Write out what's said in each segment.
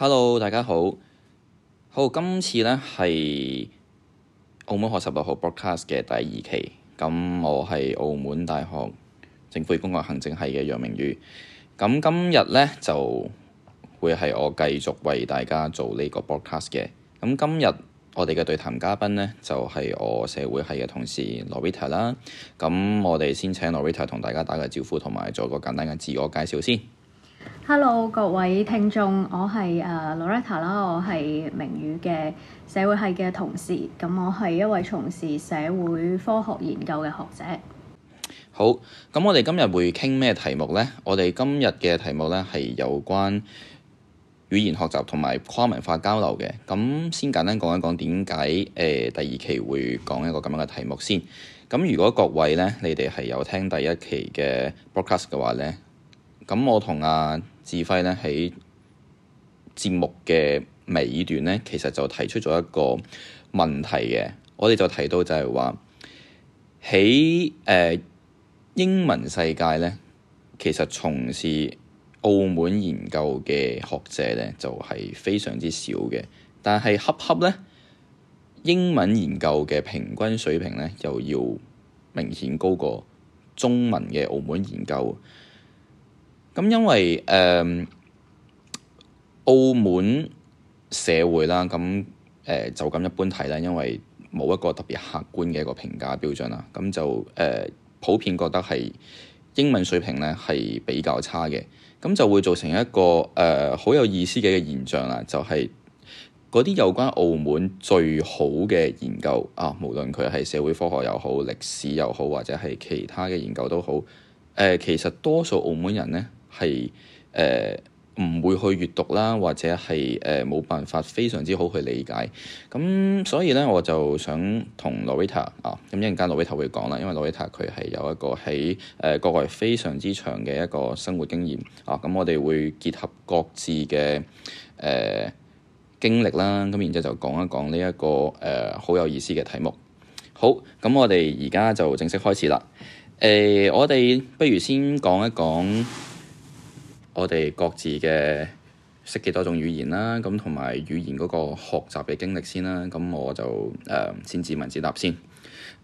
Hello，大家好，好，今次咧係澳門學16號 broadcast 嘅第二期，咁我係澳門大學政府與公共行政系嘅楊鳴宇，咁今日咧就會係我繼續為大家做呢個 broadcast 嘅，咁今日我哋嘅對談嘉賓咧就係、是、我社會系嘅同事 Loretta 啦，咁我哋先請 Loretta 同大家打個招呼，同埋做個簡單嘅自我介紹先。Hello，各位聽眾，我係誒 Loretta 啦，我係鳴宇嘅社會係嘅同事，咁我係一位從事社會科學研究嘅學者。好，咁我哋今日會傾咩題目呢？我哋今日嘅題目咧係有關語言學習同埋跨文化交流嘅。咁先簡單講一講點解誒第二期會講一個咁樣嘅題目先。咁如果各位咧，你哋係有聽第一期嘅 broadcast 嘅話咧。咁我同阿志輝呢，喺節目嘅尾段呢，其實就提出咗一個問題嘅。我哋就提到就係話喺誒英文世界呢，其實從事澳門研究嘅學者呢，就係非常之少嘅。但係恰恰呢，英文研究嘅平均水平呢，又要明顯高過中文嘅澳門研究。咁因為誒、嗯、澳門社會啦，咁誒、呃、就咁一般睇啦，因為冇一個特別客觀嘅一個評價標準啦，咁就誒、呃、普遍覺得係英文水平咧係比較差嘅，咁就會造成一個誒好、呃、有意思嘅一個現象啦，就係嗰啲有關澳門最好嘅研究啊，無論佢係社會科學又好、歷史又好，或者係其他嘅研究都好，誒、呃、其實多數澳門人咧，係誒，唔、呃、會去閱讀啦，或者係誒冇辦法非常之好去理解咁，所以咧我就想同 Loretta 啊，咁、嗯、一陣間 Loretta 會講啦，因為 Loretta 佢係有一個喺誒、呃、國外非常之長嘅一個生活經驗啊。咁、嗯、我哋會結合各自嘅誒、呃、經歷啦，咁然之後就講一講呢、這、一個誒好、呃、有意思嘅題目。好，咁、嗯、我哋而家就正式開始啦。誒、呃，我哋不如先講一講。我哋各自嘅識幾多種語言啦、啊，咁同埋語言嗰個學習嘅經歷先啦、啊，咁、嗯、我就誒、呃、先自問自答先。誒、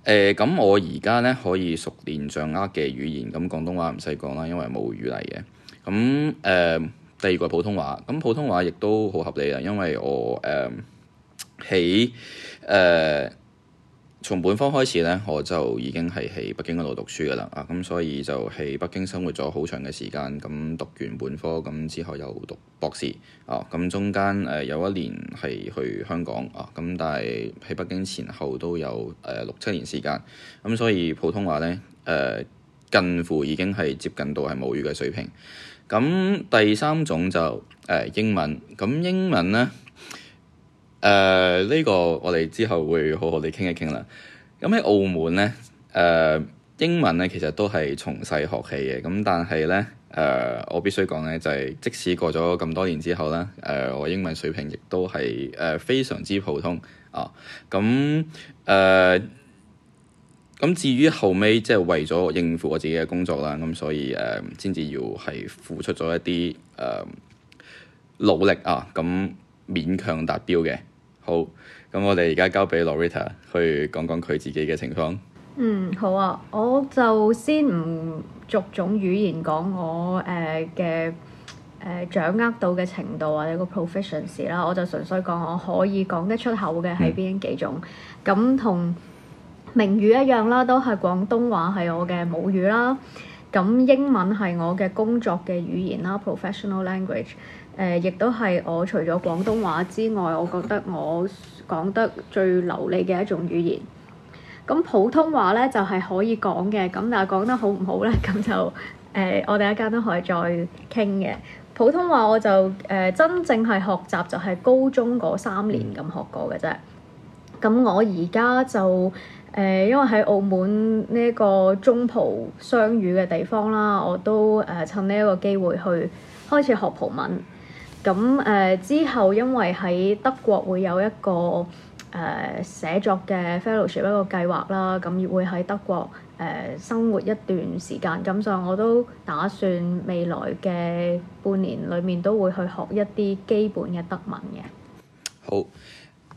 呃，咁、嗯、我而家呢可以熟練掌握嘅語言，咁、嗯、廣東話唔使講啦，因為冇語例嘅。咁、嗯、誒、呃、第二個係普通話，咁、嗯、普通話亦都好合理啦，因為我誒喺誒。呃從本科開始咧，我就已經係喺北京嗰度讀書噶啦，啊咁所以就喺北京生活咗好長嘅時間，咁讀完本科咁之後又讀博士，哦咁中間誒有一年係去香港，啊咁但係喺北京前後都有誒、呃、六七年時間，咁所以普通話咧誒、呃、近乎已經係接近到係母語嘅水平，咁第三種就誒、是呃、英文，咁英文咧。誒，呢、uh, 個我哋之後會好好哋傾一傾啦。咁喺澳門咧，誒、uh,，英文咧其實都係從細學起嘅。咁但係咧，誒、uh,，我必須講咧，就係、是、即使過咗咁多年之後咧，誒、uh,，我英文水平亦都係誒非常之普通啊。咁、uh, 誒，咁、uh, 至於後尾，即、就、係、是、為咗應付我自己嘅工作啦，咁所以誒，先、uh, 至要係付出咗一啲誒、uh, 努力啊，咁、uh, 勉強達標嘅。好，咁我哋而家交俾 Loretta 去講講佢自己嘅情況。嗯，好啊，我就先唔逐種語言講我誒嘅誒掌握到嘅程度或者個 proficiency 啦，我就純粹講我可以講得出口嘅係邊幾種。咁同、嗯、鳴宇一樣啦，都係廣東話係我嘅母語啦。咁英文係我嘅工作嘅語言啦，professional language。誒，亦都係我除咗廣東話之外，我覺得我講得最流利嘅一種語言。咁普通話呢，就係、是、可以講嘅，咁但係講得好唔好呢？咁就誒、呃，我哋一間都可以再傾嘅。普通話我就誒、呃、真正係學習就係高中嗰三年咁學過嘅啫。咁我而家就誒、呃，因為喺澳門呢個中葡雙語嘅地方啦，我都誒、呃、趁呢一個機會去開始學葡文。咁誒、呃、之後，因為喺德國會有一個誒、呃、寫作嘅 fellowship 一個計劃啦，咁亦會喺德國誒、呃、生活一段時間。咁所以我都打算未來嘅半年裏面都會去學一啲基本嘅德文嘅。好，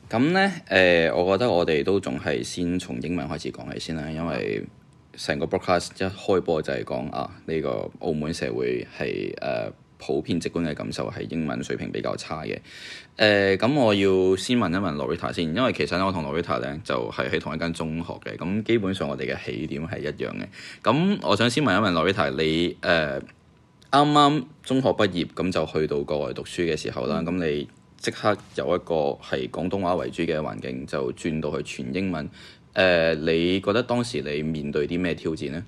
咁咧誒，我覺得我哋都仲係先從英文開始講起先啦，因為成個 broadcast 一開播就係講啊，呢個澳門社會係誒、呃普遍直觀嘅感受係英文水平比較差嘅。誒、呃，咁我要先問一問 Loretta 先，因為其實咧我同 Loretta 咧就係、是、喺同一間中學嘅，咁基本上我哋嘅起點係一樣嘅。咁我想先問一問 Loretta，你誒啱啱中學畢業咁就去到國外讀書嘅時候啦，咁、嗯、你即刻有一個係廣東話為主嘅環境，就轉到去全英文。誒、呃，你覺得當時你面對啲咩挑戰咧？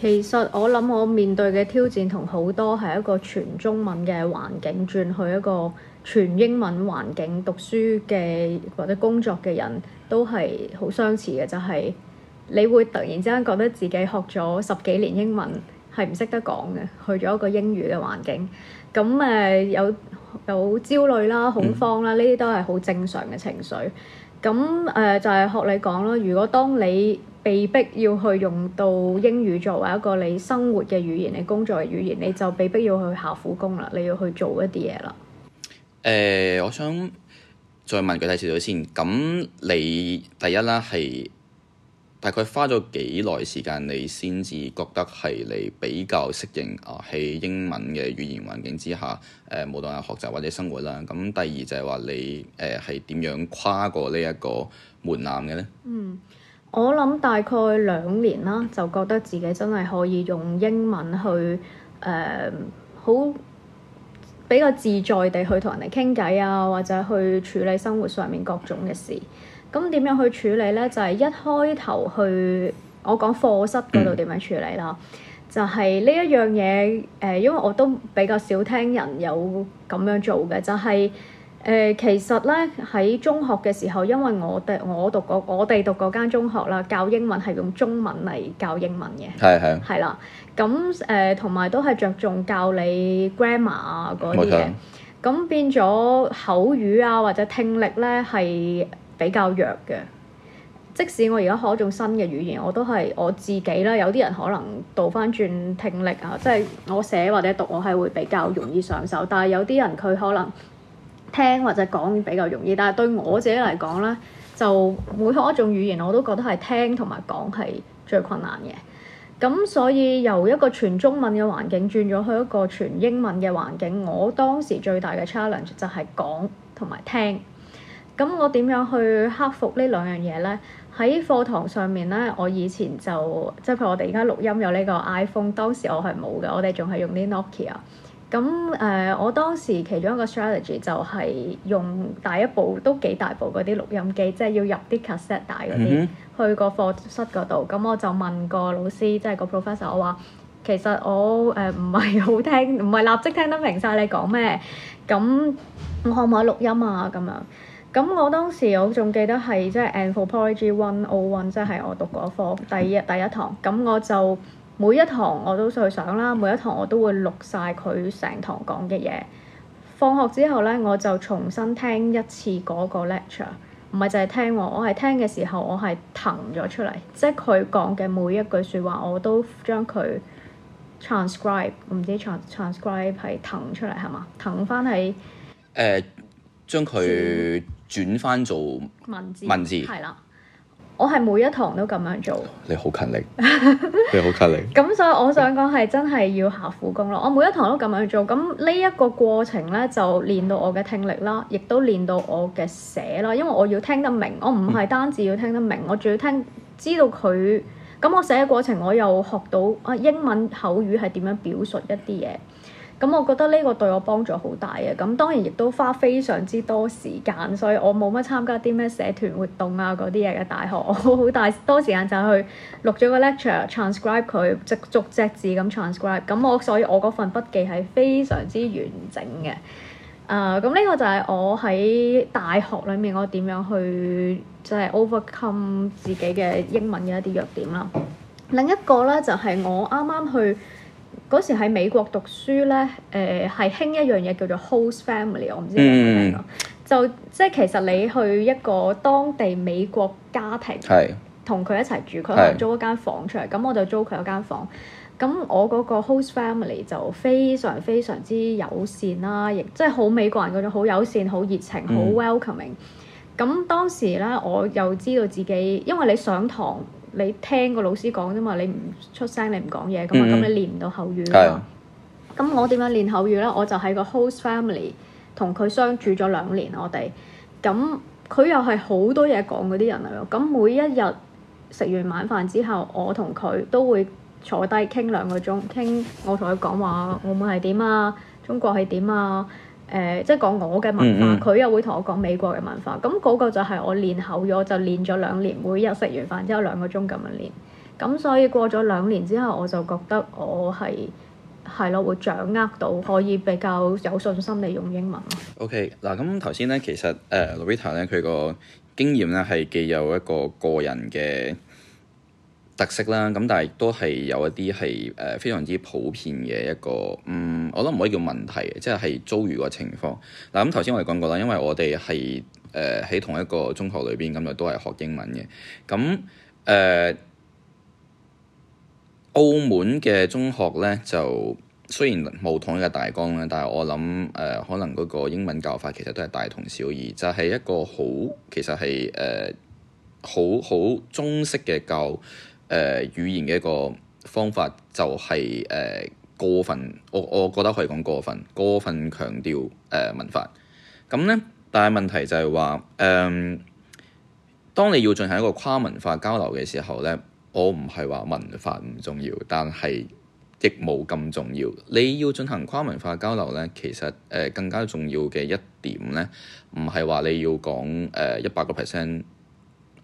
其實我諗我面對嘅挑戰同好多係一個全中文嘅環境轉去一個全英文環境讀書嘅或者工作嘅人都係好相似嘅，就係你會突然之間覺得自己學咗十幾年英文係唔識得講嘅，去咗一個英語嘅環境，咁誒有有焦慮啦、恐慌啦，呢啲都係好正常嘅情緒。咁誒就係學你講咯，如果當你被逼要去用到英語作為一個你生活嘅語言，你工作嘅語言，你就被逼要去下苦功啦。你要去做一啲嘢啦。誒、呃，我想再問具體少少先。咁你第一啦，係大概花咗幾耐時間，你先至覺得係你比較適應啊？係英文嘅語言環境之下，誒、呃，無論係學習或者生活啦。咁第二就係話你誒係點樣跨過呢一個門檻嘅咧？嗯。我諗大概兩年啦，就覺得自己真係可以用英文去誒，好、呃、比較自在地去同人哋傾偈啊，或者去處理生活上面各種嘅事。咁點樣去處理咧？就係、是、一開頭去我講課室嗰度點樣處理啦？就係、是、呢一樣嘢誒，因為我都比較少聽人有咁樣做嘅，就係、是。誒、呃，其實咧喺中學嘅時候，因為我哋我讀過我哋讀嗰間中學啦，教英文係用中文嚟教英文嘅，係係係啦。咁誒，同埋、呃、都係着重教你 grammar 啊嗰啲嘢。咁沒錯 變咗口語啊，或者聽力咧係比較弱嘅。即使我而家學一種新嘅語言，我都係我自己啦。有啲人可能倒翻轉聽力啊，即、就、係、是、我寫或者讀，我係會比較容易上手。但係有啲人佢可能。聽或者講比較容易，但係對我自己嚟講呢，就每學一種語言，我都覺得係聽同埋講係最困難嘅。咁所以由一個全中文嘅環境轉咗去一個全英文嘅環境，我當時最大嘅 challenge 就係講同埋聽。咁我點樣去克服呢兩樣嘢呢？喺課堂上面呢，我以前就即係譬如我哋而家錄音有呢個 iPhone，當時我係冇嘅，我哋仲係用啲 Nokia，ok。咁誒、呃，我當時其中一個 strategy 就係用大一部都幾大部嗰啲錄音機，即係要入啲 cassette 帶嗰啲去個課室嗰度。咁我就問個老師，即係個 professor，我話其實我誒唔係好聽，唔係立即聽得明晒你講咩。咁我可唔可以錄音啊？咁樣。咁我當時我仲記得係即係 anthropology 101，即係我讀個課第一第一堂。咁我就。每一堂我都去上啦，每一堂我都會錄晒佢成堂講嘅嘢，放學之後呢，我就重新聽一次嗰個 lecture，唔係就係聽我，我係聽嘅時候，我係騰咗出嚟，即係佢講嘅每一句説話，我都將佢 transcribe，唔知 transcribe 係騰出嚟係嘛？騰翻喺，誒，將佢轉翻做文字，文字係啦。字我係每一堂都咁樣做，你好勤力， 你好勤力。咁 所以我想講係真係要下苦功咯。我每一堂都咁樣做，咁呢一個過程呢，就練到我嘅聽力啦，亦都練到我嘅寫啦。因為我要聽得明，我唔係單止要聽得明，嗯、我仲要聽知道佢。咁我寫嘅過程我又學到啊英文口語係點樣表述一啲嘢。咁我覺得呢個對我幫助好大嘅，咁當然亦都花非常之多時間，所以我冇乜參加啲咩社團活動啊嗰啲嘢嘅大學，我好大多時間就去錄咗個 lecture，transcribe 佢，即逐隻字咁 transcribe，咁我所以我嗰份筆記係非常之完整嘅。誒、呃，咁呢個就係我喺大學裡面我點樣去即係 overcome 自己嘅英文嘅一啲弱點啦。另一個呢，就係、係、我啱啱去。嗰時喺美國讀書咧，誒係興一樣嘢叫做 host family，我唔知你明唔明啊？嗯、就即係其實你去一個當地美國家庭，同佢是一齊住，佢可能租一間房出嚟，咁是我就租佢一間房。咁我嗰個 host family 就非常非常之友善啦，亦即係好美國人嗰種好友善、好熱情、好 welcoming、嗯。咁當時咧，我又知道自己因為你上堂。你聽個老師講啫嘛，你唔出聲，你唔講嘢咁啊，咁你練唔到口語㗎。咁我點樣練口語呢？我就喺個 host family 同佢相處咗兩年，我哋咁佢又係好多嘢講嗰啲人嚟喎。咁每一日食完晚飯之後，我同佢都會坐低傾兩個鐘，傾我同佢講話，澳門係點啊，中國係點啊。誒、呃，即係講我嘅文化，佢、嗯嗯、又會同我講美國嘅文化，咁嗰個就係我練口語，我就練咗兩年，每日食完飯之後兩個鐘咁樣練，咁所以過咗兩年之後，我就覺得我係係咯，會掌握到可以比較有信心地用英文。OK，嗱咁頭先咧，其實誒 Loretta 咧，佢、呃、個經驗咧係既有一個個人嘅特色啦，咁但係都係有一啲係誒非常之普遍嘅一個，嗯，我諗唔可以叫問題，即係遭遇個情況。嗱，咁頭先我哋講過啦，因為我哋係誒喺同一個中學裏邊，咁就都係學英文嘅。咁誒、呃，澳門嘅中學咧，就雖然冇統一嘅大綱咧，但係我諗誒、呃，可能嗰個英文教法其實都係大同小異，就係、是、一個好，其實係誒好好中式嘅教。誒、呃、語言嘅一個方法就係、是、誒、呃、過分，我我覺得可以講過分，過分強調誒、呃、文化。咁咧，但係問題就係話誒，當你要進行一個跨文化交流嘅時候咧，我唔係話文化唔重要，但係亦冇咁重要。你要進行跨文化交流咧，其實誒、呃、更加重要嘅一點咧，唔係話你要講誒一百個 percent。呃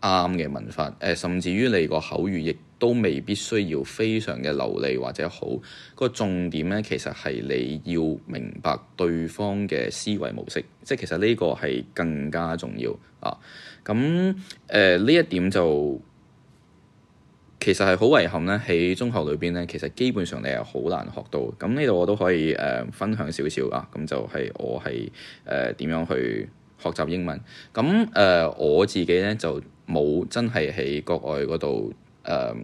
啱嘅文法，誒、呃、甚至於你個口語亦都未必需要非常嘅流利或者好。個重點咧，其實係你要明白對方嘅思維模式，即係其實呢個係更加重要啊。咁誒呢一點就其實係好遺憾咧，喺中學裏邊咧，其實基本上你係好難學到。咁呢度我都可以誒、呃、分享少少啊。咁就係我係誒點樣去學習英文。咁誒、呃、我自己咧就。冇真係喺國外嗰度誒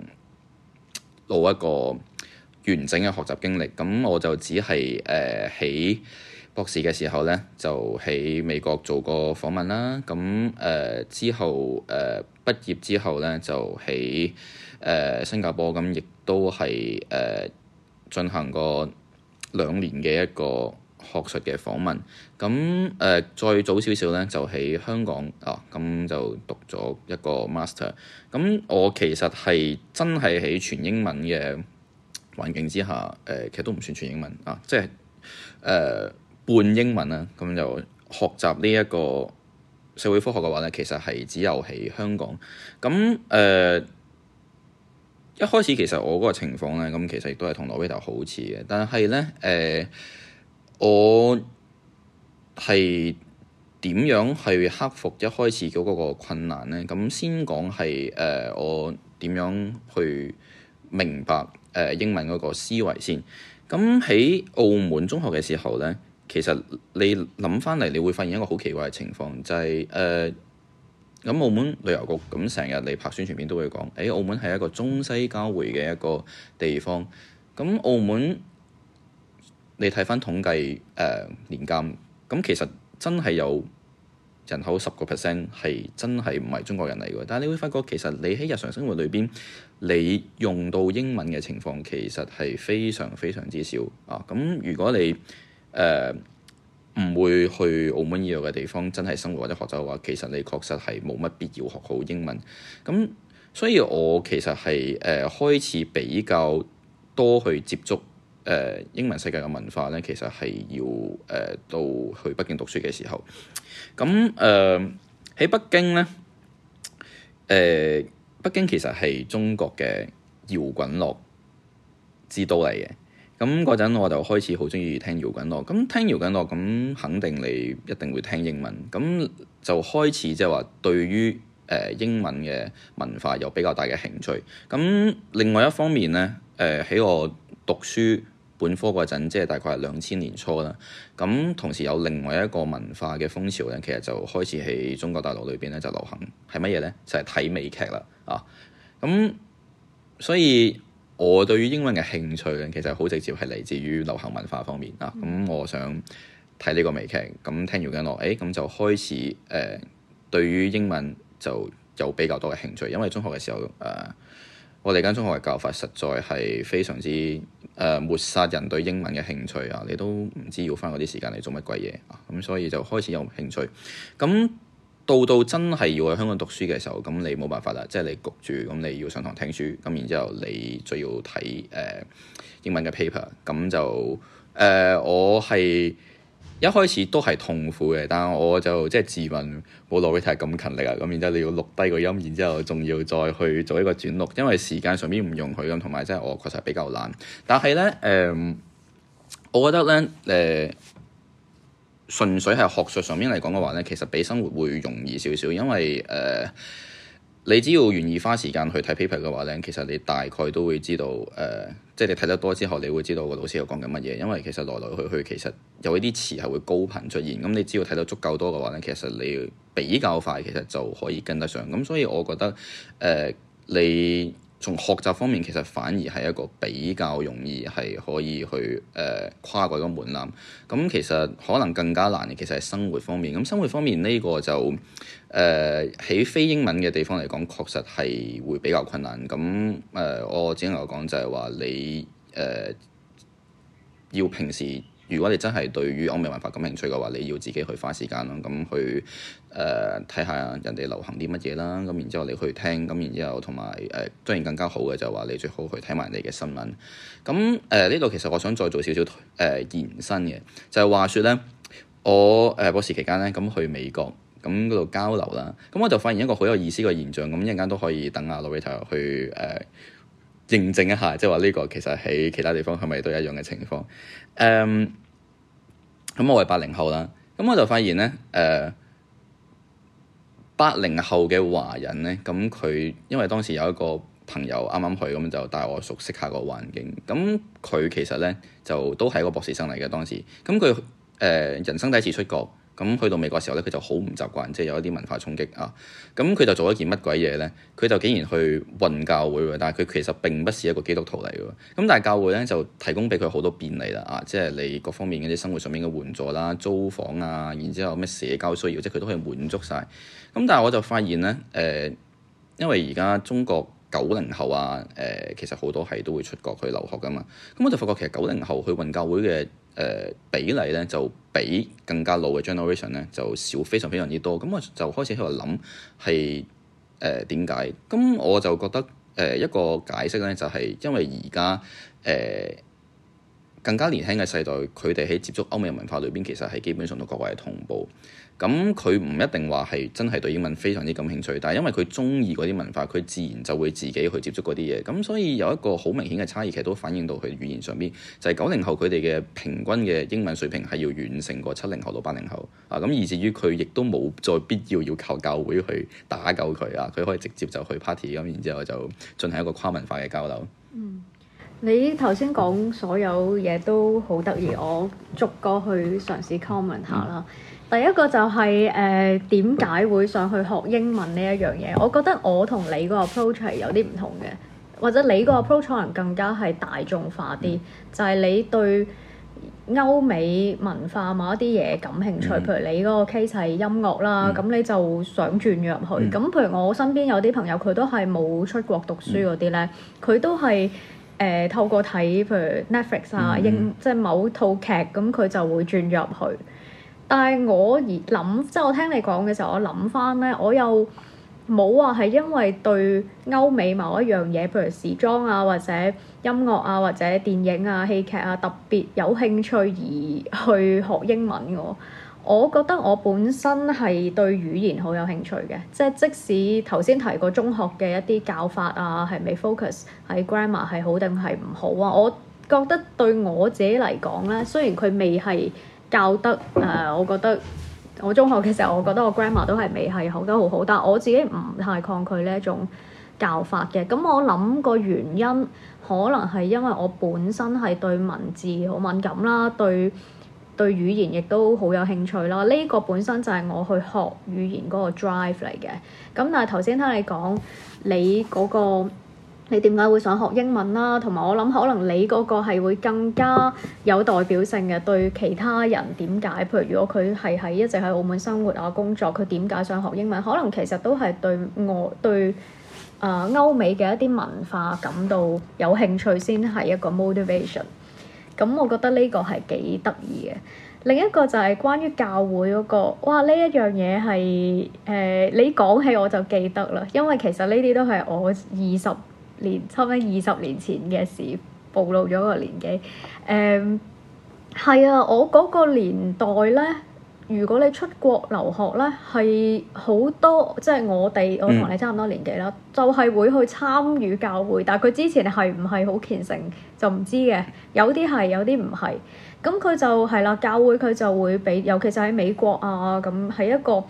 錄一個完整嘅學習經歷，咁我就只係誒喺博士嘅時候咧，就喺美國做過訪問啦。咁誒、呃、之後誒畢、呃、業之後咧，就喺誒、呃、新加坡咁，亦都係誒進行過兩年嘅一個。學術嘅訪問，咁誒、呃、再早少少咧，就喺香港啊，咁就讀咗一個 master。咁我其實係真係喺全英文嘅環境之下，誒、呃、其實都唔算全英文啊，即係誒、呃、半英文啦。咁就學習呢一個社會科學嘅話咧，其實係只有喺香港。咁誒、呃、一開始其實我嗰個情況咧，咁其實亦都係同 Loretta 好似嘅，但係咧誒、呃我係點樣去克服一開始嗰個困難呢？咁先講係誒我點樣去明白誒、呃、英文嗰個思維先。咁喺澳門中學嘅時候呢，其實你諗翻嚟，你會發現一個好奇怪嘅情況，就係誒咁澳門旅遊局咁成日嚟拍宣傳片都會講，誒、欸、澳門係一個中西交匯嘅一個地方。咁澳門。你睇翻統計，誒年鑑，咁、嗯、其實真係有人口十個 percent 係真係唔係中國人嚟嘅。但係你會發覺，其實你喺日常生活裏邊，你用到英文嘅情況其實係非常非常之少啊。咁、嗯、如果你誒唔、呃、會去澳門以外嘅地方，真係生活或者學習嘅話，其實你確實係冇乜必要學好英文。咁、嗯、所以我其實係誒、呃、開始比較多去接觸。誒、呃、英文世界嘅文化咧，其實係要誒、呃、到去北京讀書嘅時候，咁誒喺北京咧，誒、呃、北京其實係中國嘅搖滾樂之都嚟嘅。咁嗰陣我就開始好鍾意聽搖滾樂，咁聽搖滾樂咁肯定你一定會聽英文，咁就開始即係話對於誒、呃、英文嘅文化有比較大嘅興趣。咁另外一方面咧，誒、呃、喺我讀書。本科嗰陣，即係大概係兩千年初啦。咁同時有另外一個文化嘅風潮咧，其實就開始喺中國大陸裏邊咧就流行，係乜嘢咧？就係、是、睇美劇啦。啊，咁所以我對於英文嘅興趣呢，其實好直接係嚟自於流行文化方面啊。咁我想睇呢個美劇，咁聽搖滾樂，誒、哎、咁就開始誒、呃、對於英文就有比較多嘅興趣。因為中學嘅時候，誒、呃、我哋間中學嘅教法實在係非常之。誒、呃、抹殺人對英文嘅興趣啊，你都唔知要翻嗰啲時間嚟做乜鬼嘢啊，咁所以就開始有興趣。咁、啊、到到真係要喺香港讀書嘅時候，咁你冇辦法啦，即、就、係、是、你焗住，咁你要上堂聽書，咁然之後你再要睇誒、呃、英文嘅 paper，咁就誒、呃、我係。一開始都係痛苦嘅，但係我就即係自問冇 Loretta 咁勤力啊，咁然之後你要錄低個音，然之後仲要再去做一個轉錄，因為時間上邊唔容許咁，同埋即係我確實比較懶。但係咧，誒、嗯，我覺得咧，誒、呃，純粹係學術上面嚟講嘅話咧，其實比生活會容易少少，因為誒、呃你只要願意花時間去睇 paper 嘅話咧，其實你大概都會知道，誒、呃，即係你睇得多之後，你會知道個老師又講緊乜嘢。因為其實來來去去，其實有一啲詞係會高頻出現。咁、嗯、你只要睇得足夠多嘅話咧，其實你比較快，其實就可以跟得上。咁、嗯、所以我覺得，誒、呃，你從學習方面其實反而係一個比較容易係可以去誒、呃、跨過個門檻。咁、嗯、其實可能更加難嘅其實係生活方面。咁、嗯、生活方面呢個就。誒喺、uh，非英文嘅地方嚟講，確實係會比較困難。咁誒、呃，我只能夠講就係話你誒、呃、要平時，如果你真係對於歐美文化感興趣嘅話，你要自己去花時間咯。咁去誒睇下人哋流行啲乜嘢啦。咁然之後你去聽，咁然之後同埋誒，當然更加好嘅就係話你最好去睇埋你嘅新聞。咁誒呢度其實我想再做少少誒延伸嘅，就係、是、話說咧，我誒博士期間咧咁去美國。咁嗰度交流啦，咁我就發現一個好有意思嘅現象，咁一陣間都可以等阿 Loretta 去誒、呃、認證一下，即係話呢個其實喺其他地方係咪都一樣嘅情況？誒、嗯，咁我係八零後啦，咁我就發現咧誒，八、呃、零後嘅華人咧，咁佢因為當時有一個朋友啱啱去，咁就帶我熟悉下個環境。咁佢其實咧就都係一個博士生嚟嘅當時，咁佢誒人生第一次出國。咁去到美國時候咧，佢就好唔習慣，即係有一啲文化衝擊啊！咁佢就做咗件乜鬼嘢咧？佢就竟然去混教會喎，但係佢其實並不是一個基督徒嚟嘅喎。咁但係教會咧就提供俾佢好多便利啦，啊，即係你各方面嘅啲生活上面嘅援助啦、租房啊，然之後咩社交需要，即係佢都可以滿足晒。咁但係我就發現咧，誒、呃，因為而家中國，九零後啊，誒、呃、其實好多係都會出國去留學㗎嘛，咁我就發覺其實九零後去混教會嘅誒、呃、比例咧，就比更加老嘅 generation 咧就少非常非常之多，咁我就開始喺度諗係誒點解？咁、呃、我就覺得誒、呃、一個解釋咧，就係、是、因為而家誒更加年輕嘅世代，佢哋喺接觸歐美嘅文化裏邊，其實係基本上都各位係同步。咁佢唔一定話係真係對英文非常之感興趣，但係因為佢中意嗰啲文化，佢自然就會自己去接觸嗰啲嘢。咁所以有一個好明顯嘅差異，其實都反映到佢語言上邊，就係九零後佢哋嘅平均嘅英文水平係要遠勝過七零後到八零後啊。咁以至於佢亦都冇再必要要靠教會去打救佢啊，佢可以直接就去 party，咁、啊、然之後就進行一個跨文化嘅交流。嗯、你頭先講所有嘢都好得意，我逐個去嘗試 comment 下啦。嗯。第一個就係誒點解會想去學英文呢一樣嘢？我覺得我同你個 approach 係有啲唔同嘅，或者你個 approach 可能更加係大眾化啲，嗯、就係你對歐美文化某一啲嘢感興趣，嗯、譬如你嗰個 case 係音樂啦，咁、嗯、你就想轉入去。咁、嗯、譬如我身邊有啲朋友，佢都係冇出國讀書嗰啲咧，佢、嗯、都係誒、呃、透過睇譬如 Netflix 啊，嗯、英即係、就是、某套劇，咁佢就會轉入去。但係我而諗，即係我聽你講嘅時候，我諗翻咧，我又冇話係因為對歐美某一樣嘢，譬如時裝啊，或者音樂啊，或者電影啊、戲劇啊特別有興趣而去學英文啊。我覺得我本身係對語言好有興趣嘅，即係即使頭先提過中學嘅一啲教法啊，係未 focus 喺 grammar 係好定係唔好啊？我覺得對我自己嚟講咧，雖然佢未係。教得誒、呃，我覺得我中學嘅時候，我覺得我 grandma 都係未係學得好好，但係我自己唔太抗拒呢一種教法嘅。咁、嗯、我諗個原因，可能係因為我本身係對文字好敏感啦，對對語言亦都好有興趣啦。呢、這個本身就係我去學語言嗰個 drive 嚟嘅。咁、嗯、但係頭先聽你講你嗰、那個。你點解會想學英文啦、啊？同埋我諗，可能你嗰個係會更加有代表性嘅對其他人點解？譬如如果佢係喺一直喺澳門生活啊，工作，佢點解想學英文？可能其實都係對我對啊、呃、歐美嘅一啲文化感到有興趣先係一個 motivation。咁、嗯、我覺得呢個係幾得意嘅。另一個就係關於教會嗰、那個哇，呢一樣嘢係誒，你講起我就記得啦，因為其實呢啲都係我二十。年差唔多二十年前嘅事，暴露咗個年紀。誒、嗯，係啊，我嗰個年代咧，如果你出國留學咧，係好多即係我哋我同你差唔多年紀啦，就係、是、會去參與教會，但係佢之前係唔係好虔誠就唔知嘅，有啲係，有啲唔係。咁佢就係啦、啊，教會佢就會俾，尤其是喺美國啊，咁係一個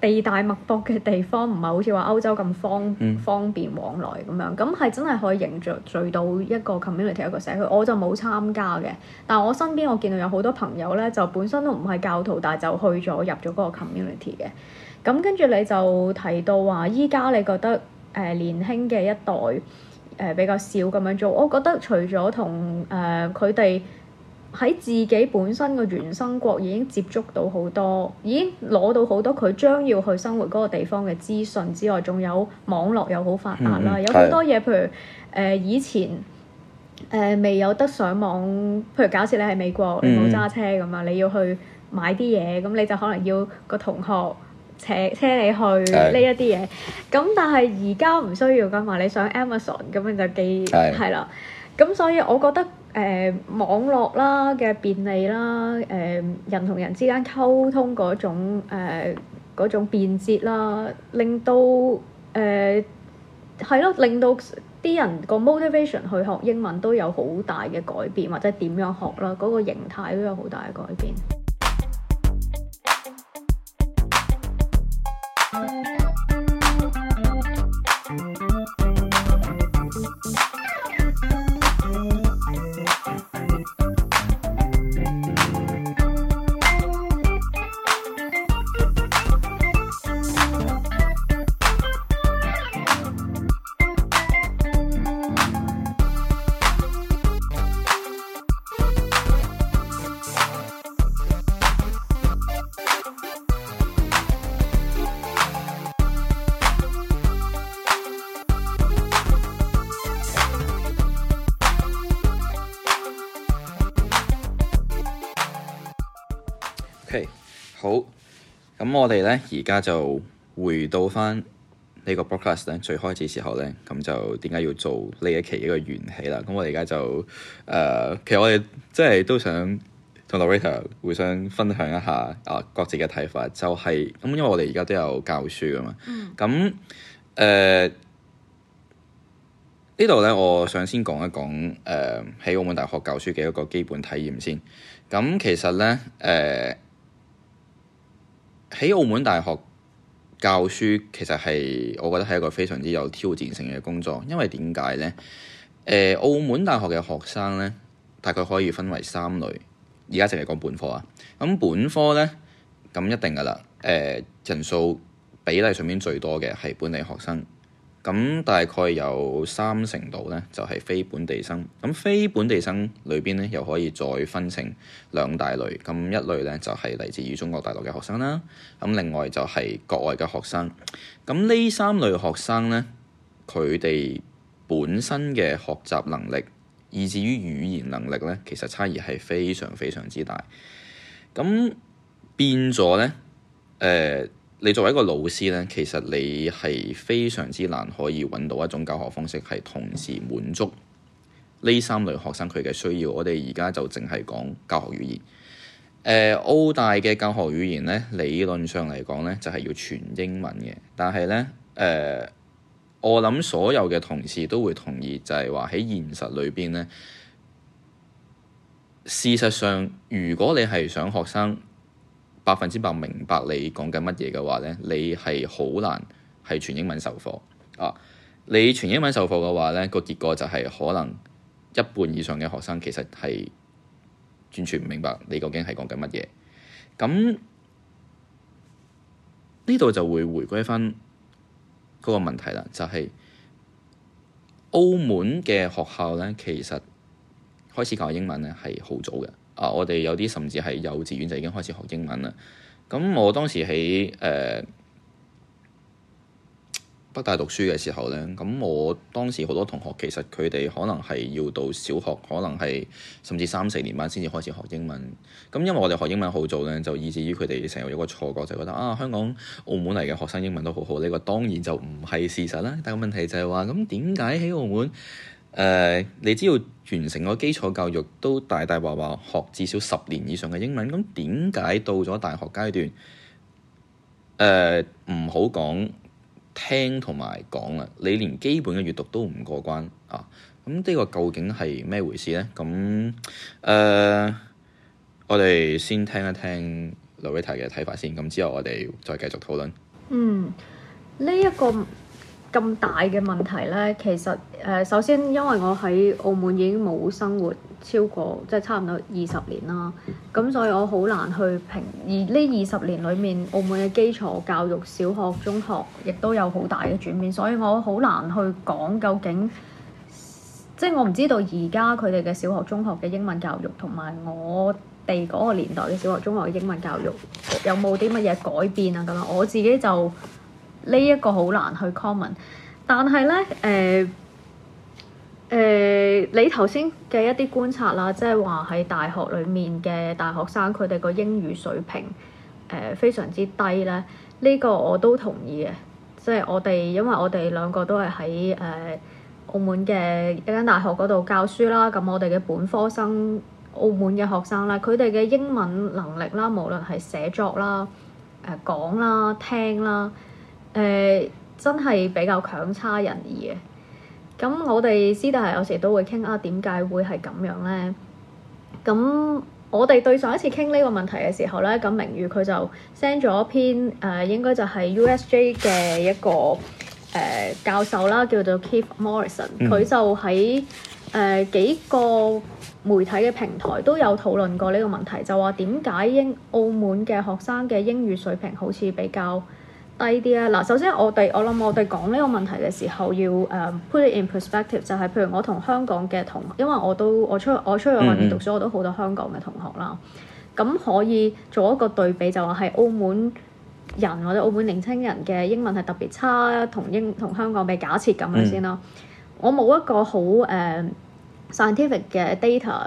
地大物博嘅地方唔係好似話歐洲咁方方便往來咁樣，咁係真係可以凝聚聚到一個 community 一個社區，我就冇參加嘅，但係我身邊我見到有好多朋友咧，就本身都唔係教徒，但係就去咗入咗嗰個 community 嘅。咁跟住你就提到話，依家你覺得誒、呃、年輕嘅一代誒、呃、比較少咁樣做。我覺得除咗同誒佢哋。呃喺自己本身嘅原生國已經接觸到好多，已經攞到好多佢將要去生活嗰個地方嘅資訊之外，仲有網絡又好發達啦，嗯、有好多嘢，的譬如誒、呃、以前誒、呃、未有得上網，譬如假設你喺美國，你冇揸車咁啊，的你要去買啲嘢，咁你就可能要個同學扯車你去呢一啲嘢，咁的但係而家唔需要噶嘛，你上 Amazon 咁你就記係啦，咁的的所以我覺得。誒、呃、網絡啦嘅便利啦，誒、呃、人同人之間溝通嗰種誒嗰、呃、種便捷啦，令到誒係咯，令到啲人個 motivation 去學英文都有好大嘅改變，或者點樣學啦，嗰、那個形態都有好大嘅改變。 O、okay, K，好，咁我哋咧而家就回到翻呢個 broadcast 咧最開始時候咧，咁就點解要做呢一期一個緣起啦？咁我哋而家就誒、呃，其實我哋即係都想同 Loretta 互相分享一下啊，各自嘅睇法。就係、是、咁，因為我哋而家都有教書噶嘛，咁誒、嗯呃、呢度咧，我想先講一講誒，喺、呃、澳門大學教書嘅一個基本體驗先。咁其實咧誒。呃喺澳門大學教書，其實係我覺得係一個非常之有挑戰性嘅工作，因為點解咧？誒，澳門大學嘅學生咧，大概可以分為三類。而家淨係講本科啊，咁本科咧，咁一定噶啦。誒、呃，人數比例上面最多嘅係本地學生。咁大概有三成度咧，就係、是、非本地生。咁非本地生裏邊咧，又可以再分成兩大類。咁一類咧，就係、是、嚟自於中國大陸嘅學生啦。咁另外就係國外嘅學生。咁呢三類學生咧，佢哋本身嘅學習能力，以至於語言能力咧，其實差異係非常非常之大。咁變咗咧，誒、呃，你作為一個老師咧，其實你係非常之難可以揾到一種教學方式，係同時滿足呢三類學生佢嘅需要。我哋而家就淨係講教學語言。誒、呃，澳大嘅教學語言咧，理論上嚟講咧，就係要全英文嘅。但係咧，誒、呃，我諗所有嘅同事都會同意，就係話喺現實裏邊咧，事實上，如果你係想學生，百分之百明白你講緊乜嘢嘅話咧，你係好難係全英文授課啊。你全英文授課嘅話咧，個結果就係可能一半以上嘅學生其實，係完全唔明白你究竟係講緊乜嘢。咁呢度就會回歸翻嗰個問題啦，就係、是、澳門嘅學校咧，其實開始教英文咧係好早嘅。啊！我哋有啲甚至係幼稚園就已經開始學英文啦。咁我當時喺誒、呃、北大讀書嘅時候咧，咁我當時好多同學其實佢哋可能係要到小學，可能係甚至三四年班先至開始學英文。咁因為我哋學英文好早咧，就以至於佢哋成日有個錯覺就覺得啊，香港、澳門嚟嘅學生英文都好好。呢個當然就唔係事實啦。但問題就係話，咁點解喺澳門，誒、呃，你只要完成個基礎教育都大大話話學至少十年以上嘅英文，咁點解到咗大學階段誒唔好講聽同埋講啦，你連基本嘅閱讀都唔過關啊！咁呢個究竟係咩回事咧？咁誒、呃，我哋先聽一聽 Loretta 嘅睇法先，咁之後我哋再繼續討論。嗯，呢、這、一個，咁大嘅問題咧，其實誒、呃、首先因為我喺澳門已經冇生活超過即係差唔多二十年啦，咁所以我好難去評，而呢二十年裏面，澳門嘅基礎教育，小學中學亦都有好大嘅轉變，所以我好難去講究竟，即係我唔知道而家佢哋嘅小學中學嘅英文教育，同埋我哋嗰個年代嘅小學中學嘅英文教育，有冇啲乜嘢改變啊咁啊。我自己就～呢一個好難去 comment，但係呢，誒、呃、誒、呃，你頭先嘅一啲觀察啦，即係話喺大學裡面嘅大學生佢哋個英語水平誒、呃、非常之低咧。呢、呢個我都同意嘅，即係我哋因為我哋兩個都係喺誒澳門嘅一間大學嗰度教書啦，咁我哋嘅本科生澳門嘅學生咧，佢哋嘅英文能力啦，無論係寫作啦、誒、呃、講啦、聽啦。誒、呃、真係比較強差人意嘅，咁我哋私底下有時都會傾啊，點解會係咁樣呢？咁我哋對上一次傾呢個問題嘅時候呢，咁鳴宇佢就 send 咗一篇誒、呃，應該就係 USJ 嘅一個誒、呃、教授啦，叫做 Keith Morrison，佢、嗯、就喺誒、呃、幾個媒體嘅平台都有討論過呢個問題，就話點解英澳門嘅學生嘅英語水平好似比較低啲啊！嗱，首先我哋我諗我哋講呢個問題嘅時候要誒、uh, put it in perspective，就係譬如我同香港嘅同學，因為我都我出我出去外面讀書，我都好多香港嘅同學啦。咁可以做一個對比，就話係澳門人或者澳門年輕人嘅英文係特別差，同英同香港嘅假設咁樣先咯。嗯、我冇一個好誒、uh, scientific 嘅 data。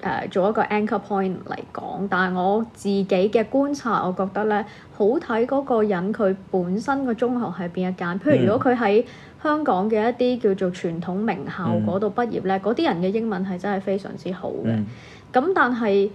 誒、uh, 做一個 anchor point 嚟講，但係我自己嘅觀察，我覺得咧，好睇嗰個人佢本身嘅中學係邊一間。譬如如果佢喺香港嘅一啲叫做傳統名校嗰度畢業咧，嗰啲、嗯、人嘅英文係真係非常之好嘅。咁、嗯、但係誒、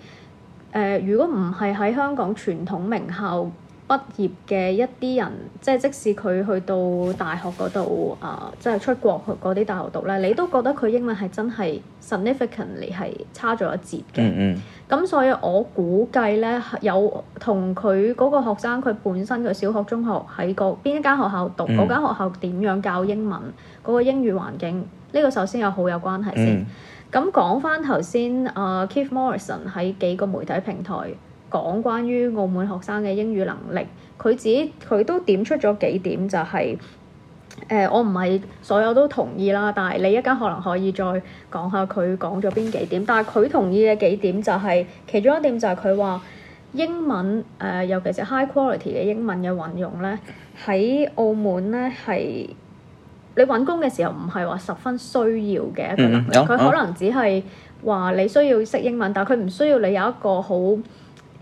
呃，如果唔係喺香港傳統名校，畢業嘅一啲人，即係即使佢去到大學嗰度啊，即係出國去嗰啲大學讀咧，你都覺得佢英文係真係 significantly 係差咗一截嘅。咁、mm hmm. 所以我估計咧，有同佢嗰個學生佢本身佢小學、中學喺、嗰邊一間學校讀，嗰間、mm hmm. 學校點樣教英文，嗰、嗰個英語環境，呢、呢個首先有好有關係先。咁講翻頭先啊，Keith Morrison 喺幾個媒體平台，講關於澳門學生嘅英語能力，佢自己佢都點出咗幾點、就是，就係誒我唔係所有都同意啦，但係你一間可能可以再講下佢講咗邊幾點。但係佢同意嘅幾點就係、是、其中一點就係佢話英文誒、呃，尤其是 high quality 嘅英文嘅運用咧，喺澳門咧係你揾工嘅時候唔係話十分需要嘅一個能力。佢、嗯、可能只係話你需要識英文，但係佢唔需要你有一個好，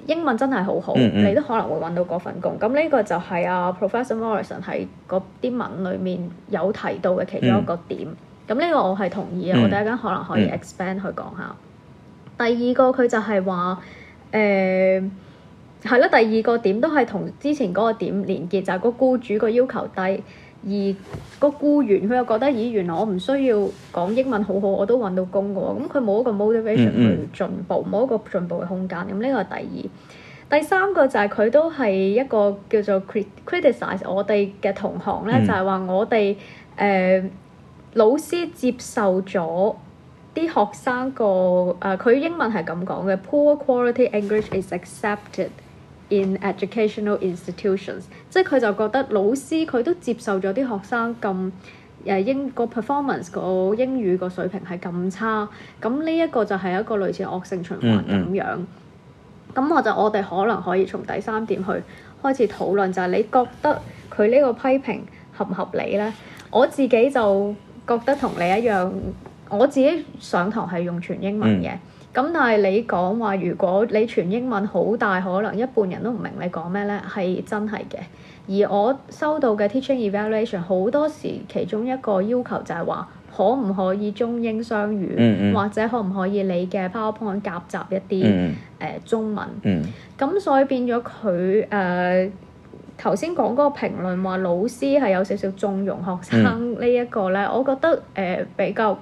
英文真係好好，你都可能會揾到嗰份工。咁呢個就係啊 Professor Morrison 喺嗰啲文裡面有提到嘅其中一個點。咁呢個我係同意啊，我第一間可能可以 expand 去講下。第二個佢就係話，誒、呃，係咯，第二個點都係同之前嗰個點連結，就係、是、個僱主個要求低。而個雇員佢又覺得，咦、哎，原來我唔需要講英文好好，我都揾到工嘅喎。咁佢冇一個 motivation、嗯嗯、去進步，冇一個進步嘅空間。咁呢個係第二。第三個就係、是、佢都係一個叫做 criticize 我哋嘅同行呢、嗯、就係話我哋誒、呃、老師接受咗啲學生個誒，佢、呃、英文係咁講嘅，poor quality English is accepted。In educational institutions，即係佢就覺得老師佢都接受咗啲學生咁誒、啊、英個 performance 個英語個水平係咁差，咁呢一個就係一個類似惡性循環咁樣，咁、嗯嗯、我就我哋可能可以從第三點去開始討論，就係你覺得佢呢個批評合唔合理咧？我自己就覺得同你一樣，我自己上堂係用全英文嘅。嗯嗯咁但係你講話，如果你全英文，好大可能一半人都唔明你講咩咧，係真係嘅。而我收到嘅 teaching evaluation 好多時，其中一個要求就係話，可唔可以中英雙語，嗯嗯或者可唔可以你嘅 powerpoint 夾雜一啲誒、嗯嗯呃、中文？咁、嗯嗯、所以變咗佢誒頭先講嗰個評論話，老師係有少少縱容學生、嗯、呢一個咧，我覺得誒、呃、比較、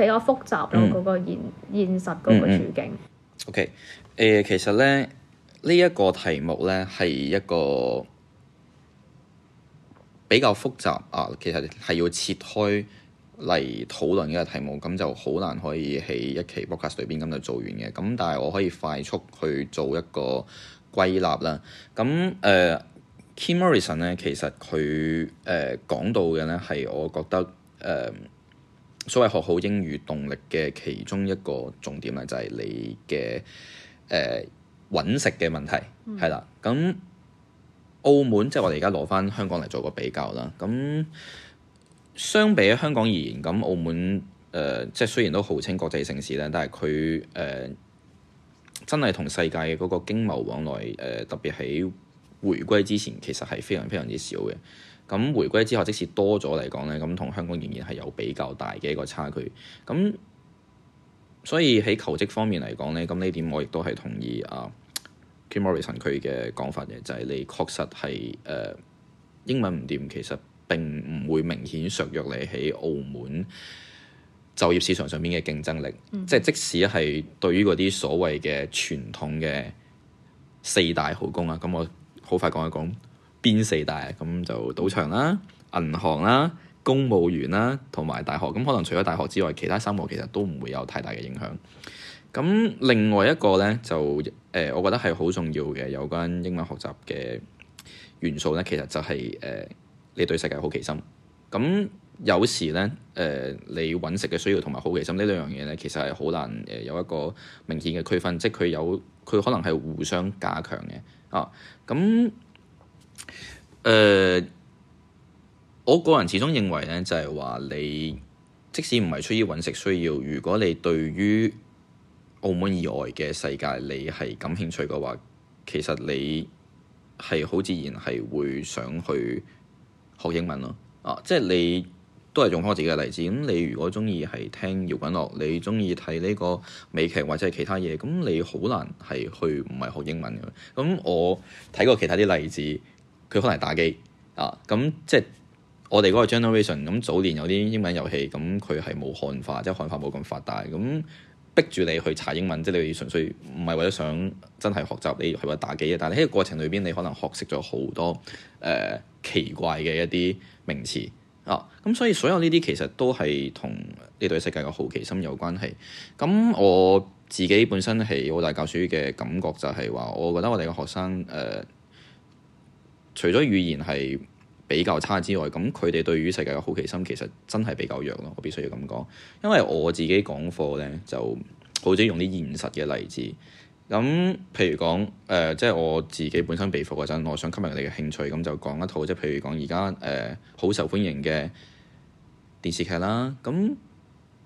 比較複雜咯，嗰、嗯、個現現實嗰個處境。嗯嗯嗯、OK，誒、呃，其實咧呢一、這個題目咧係一個比較複雜啊，其實係要切開嚟討論嘅題目，咁就好難可以喺一期 podcast 裏邊咁就做完嘅。咁但係我可以快速去做一個歸納啦。咁誒、呃、Kim Morrison 咧，其實佢誒、呃、講到嘅咧係我覺得誒。呃所謂學好英語動力嘅其中一個重點咧，就係你嘅誒搵食嘅問題，係啦、嗯。咁澳門即係、就是、我哋而家攞返香港嚟做個比較啦。咁相比喺香港而言，咁澳門誒、呃、即係雖然都號稱國際城市咧，但係佢誒真係同世界嘅嗰個經貿往來誒、呃，特別喺回歸之前，其實係非常非常之少嘅。咁回歸之後，即使多咗嚟講咧，咁同香港仍然係有比較大嘅一個差距。咁所以喺求職方面嚟講咧，咁呢點我亦都係同意啊 Kim Morrison 佢嘅講法嘅，就係、是、你確實係誒、呃、英文唔掂，其實並唔會明顯削弱你喺澳門就業市場上面嘅競爭力。即係、嗯、即使係對於嗰啲所謂嘅傳統嘅四大豪工啊，咁我好快講一講。邊四大啊？咁就賭場啦、銀行啦、公務員啦，同埋大學。咁可能除咗大學之外，其他三個其實都唔會有太大嘅影響。咁另外一個咧，就誒、呃，我覺得係好重要嘅，有關英文學習嘅元素咧，其實就係、是、誒、呃、你對世界嘅好奇心。咁有時咧，誒、呃、你揾食嘅需要同埋好奇心呢兩樣嘢咧，其實係好難誒、呃、有一個明顯嘅區分，即係佢有佢可能係互相加強嘅啊。咁誒、呃，我個人始終認為呢，就係、是、話你即使唔係出於揾食需要，如果你對於澳門以外嘅世界你係感興趣嘅話，其實你係好自然係會想去學英文咯。啊，即係你都係用翻我自己嘅例子。咁你如果鍾意係聽搖滾樂，你鍾意睇呢個美劇或者係其他嘢，咁你好難係去唔係學英文嘅。咁我睇過其他啲例子。佢可能係打機啊，咁、嗯、即係我哋嗰個 generation 咁、嗯，早年有啲英文遊戲，咁佢係冇漢化，即係漢化冇咁發達，咁、嗯、逼住你去查英文，即係你純粹唔係為咗想真係學習，你係為打機嘅。但係喺個過程裏邊，你可能學識咗好多誒、呃、奇怪嘅一啲名詞啊，咁、嗯、所以所有呢啲其實都係同你對世界嘅好奇心有關係。咁、嗯、我自己本身喺澳大教書嘅感覺就係話，我覺得我哋嘅學生誒、呃除咗語言係比較差之外，咁佢哋對於世界嘅好奇心其實真係比較弱咯。我必須要咁講，因為我自己講課咧就好中意用啲現實嘅例子。咁譬如講誒，即、呃、係、就是、我自己本身備課嗰陣，我想吸引人哋嘅興趣，咁就講一套即係、就是、譬如講而家誒好受歡迎嘅電視劇啦。咁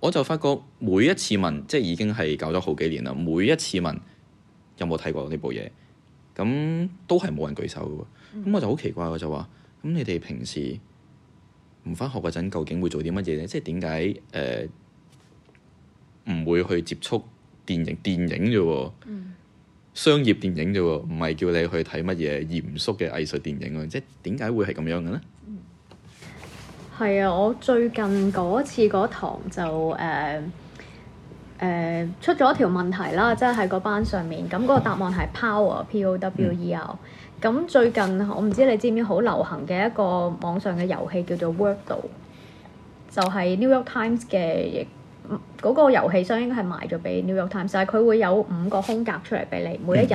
我就發覺每一次問，即係已經係搞咗好幾年啦，每一次問有冇睇過呢部嘢，咁都係冇人舉手嘅喎。咁、嗯、我就好奇怪，我就話：咁你哋平時唔翻學嗰陣，究竟會做啲乜嘢咧？即係點解誒唔會去接觸電影？電影啫喎、啊，嗯、商業電影啫喎，唔係叫你去睇乜嘢嚴肅嘅藝術電影啊！即係點解會係咁樣嘅咧？係、嗯、啊，我最近嗰次嗰堂就誒。呃誒、呃、出咗條問題啦，即係喺個班上面咁，嗰個答案係 power，p、oh. o w e r。咁、嗯、最近我唔知你知唔知好流行嘅一個網上嘅遊戲叫做 Wordle，就係 New York Times 嘅嗰、那個遊戲商應該係賣咗俾 New York Times，但係佢會有五個空格出嚟俾你，嗯、每一日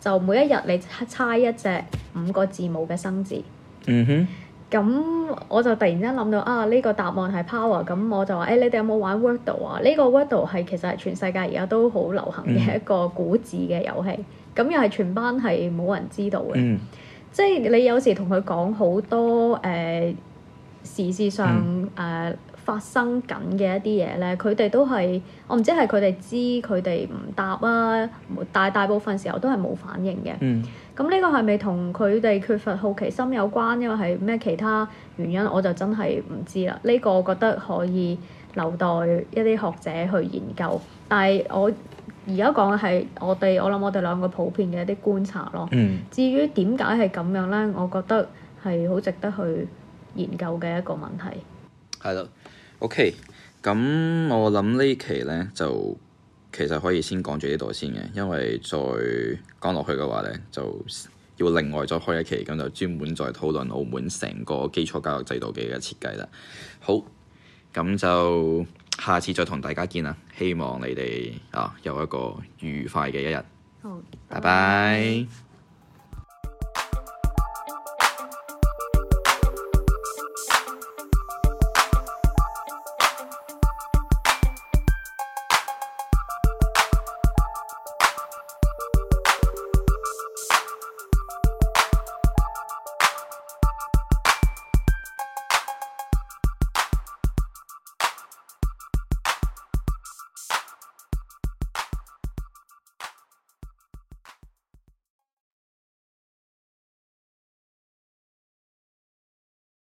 就每一日你猜一隻五個字母嘅生字。嗯哼。咁我就突然間諗到啊，呢個答案係 Power。咁我就話：誒，你哋有冇玩 Wordle 啊？呢個 Wordle 係其實全世界而家都好流行嘅一個古字嘅遊戲。咁又係全班係冇人知道嘅，嗯，即係你有時同佢講好多誒、呃、時事上誒、嗯呃、發生緊嘅一啲嘢咧，佢哋都係我唔知係佢哋知佢哋唔答啊，但大，大部分時候都係冇反應嘅。嗯。咁呢個係咪同佢哋缺乏好奇心有關，因為係咩其他原因，我就真係唔知啦。呢個我覺得可以留待一啲學者去研究。但係我而家講嘅係我哋，我諗我哋兩個普遍嘅一啲觀察咯。嗯。至於點解係咁樣呢？我覺得係好值得去研究嘅一個問題。係啦，OK。咁我諗呢期呢就～其實可以先講住呢度先嘅，因為再講落去嘅話咧，就要另外再開一期，咁就專門再討論澳門成個基礎教育制度嘅嘅設計啦。好，咁就下次再同大家見啦。希望你哋啊有一個愉快嘅一日。好，拜拜 bye。Bye bye。